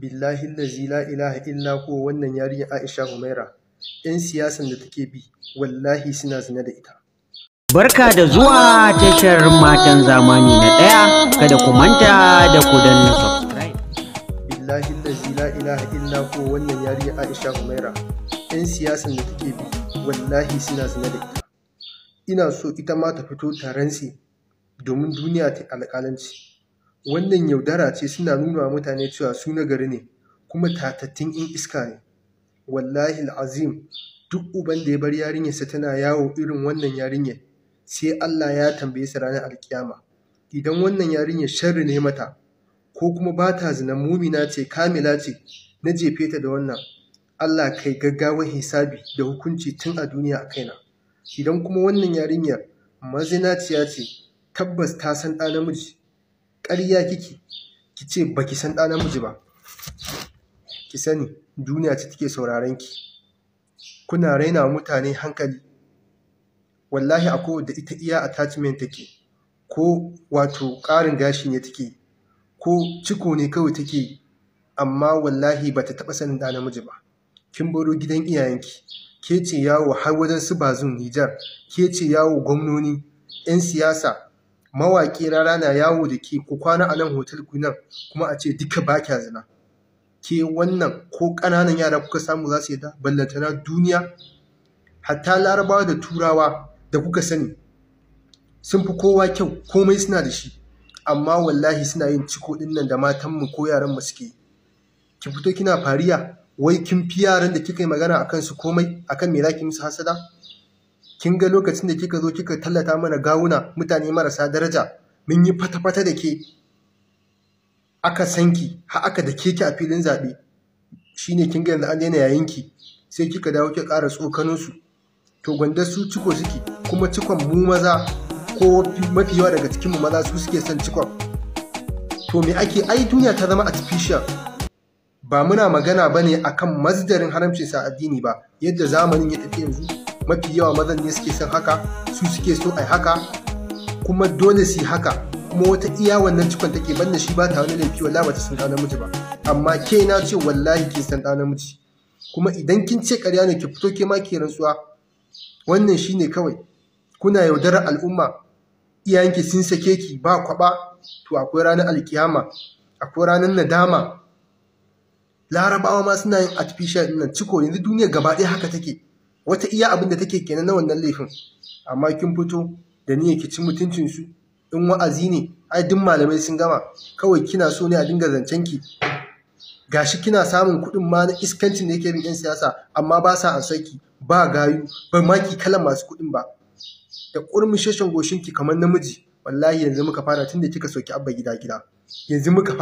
billahi lazi la ilaha illa ko wannan yarinya Aisha Humaira yan siyasan da take bi wallahi suna zina da ita barka da zuwa tashar matan zamani na ɗaya kada ku manta da ku danna subscribe billahi lazi la ilaha illa ko wannan yarinya Aisha Humaira yan siyasan da take bi wallahi suna zina da ita ina so ita ma ta fito ta domin duniya ta alƙalanci Wannan yaudara ce suna nuna wa mutane cewa su na gari ne kuma tatattun in iska ne. Wallahi al-azim, duk uban da ya bar yarinyarsa tana yawo irin wannan yarinyar sai Allah ya tambaye su ranar alkiyama. Idan wannan yarinyar sharri ne mata ko kuma ba ta zina mumina ce kamila ce na jefe ta da wannan Allah kai gaggawar hisabi da hukunci tun a duniya a kaina. Idan kuma wannan yarinyar mazinaciya ce tabbas ta san ɗa namiji ƙarya kike ki ce ba ki san ɗa namiji ba ki sani duniya ce take sauraron ki kuna raina mutane hankali wallahi a da ita iya attachment take ko wato ƙarin gashi ne take ko ciko ne kawai take amma wallahi ba ta taɓa sanin ɗa namiji ba kin baro gidan iyayenki ke ce yawo har wajen su bazun nijar ke ce yawo gwamnoni 'yan siyasa mawaƙi rana na yawo da ke ko kwana a nan hotel nan kuma a ce duka ba kya zina ke wannan ko ƙananan yara kuka samu za su yi da ballantana duniya hatta larabawa da turawa da kuka sani sun fi kowa kyau komai suna da shi amma wallahi suna yin ciko ɗin nan da matanmu ko yaran mu suke ki fito kina fariya wai kin fi yaran da kika yi magana akan su komai akan me za ki musu hasada kin ga lokacin da kika zo kika tallata mana gawuna mutane marasa daraja mun yi fata-fata da ke aka sanki har aka da ke ki a filin zaɓe Shi ne kin ga yanzu an daina ki, sai kika dawo kika ƙara su to gwanda su ciko suke kuma cikon mu maza ko mafi yawa daga cikin mu maza su suke son cikon to me ake ai duniya ta zama artificial ba muna magana bane akan masdarin haramcin sa addini ba yadda zamanin ya tafi yanzu mafi yawa mazan ne suke son haka su suke so ai haka kuma dole su yi haka kuma wata iya wannan cikon take banda shi ba ta wani laifi ba bata san ɗa namiji ba amma ke na ce wallahi ke san ɗa namiji kuma idan kin ce ƙarya ne ki fito ke ma ke rantsuwa wannan shi ne kawai kuna yaudarar al'umma iyayenki sun sake ki ba kwaba to akwai ranar alkiyama akwai ranar nadama larabawa ma suna yin artificial ɗin nan ciko yanzu duniya gaba ɗaya haka take wata iya abin da take kenan na wannan laifin amma kin fito da niyyar ki ci mutuncin su in wa'azi ne ai duk malamai sun gama kawai kina so ne a dinga zancen ki gashi kina samun kuɗin ma na iskancin da yake bin yan siyasa amma ba sa ansaki ba gayu ba maki kalan masu kuɗin ba da goshin ki kamar namiji wallahi yanzu muka fara tun da kika soki abba gida gida yanzu muka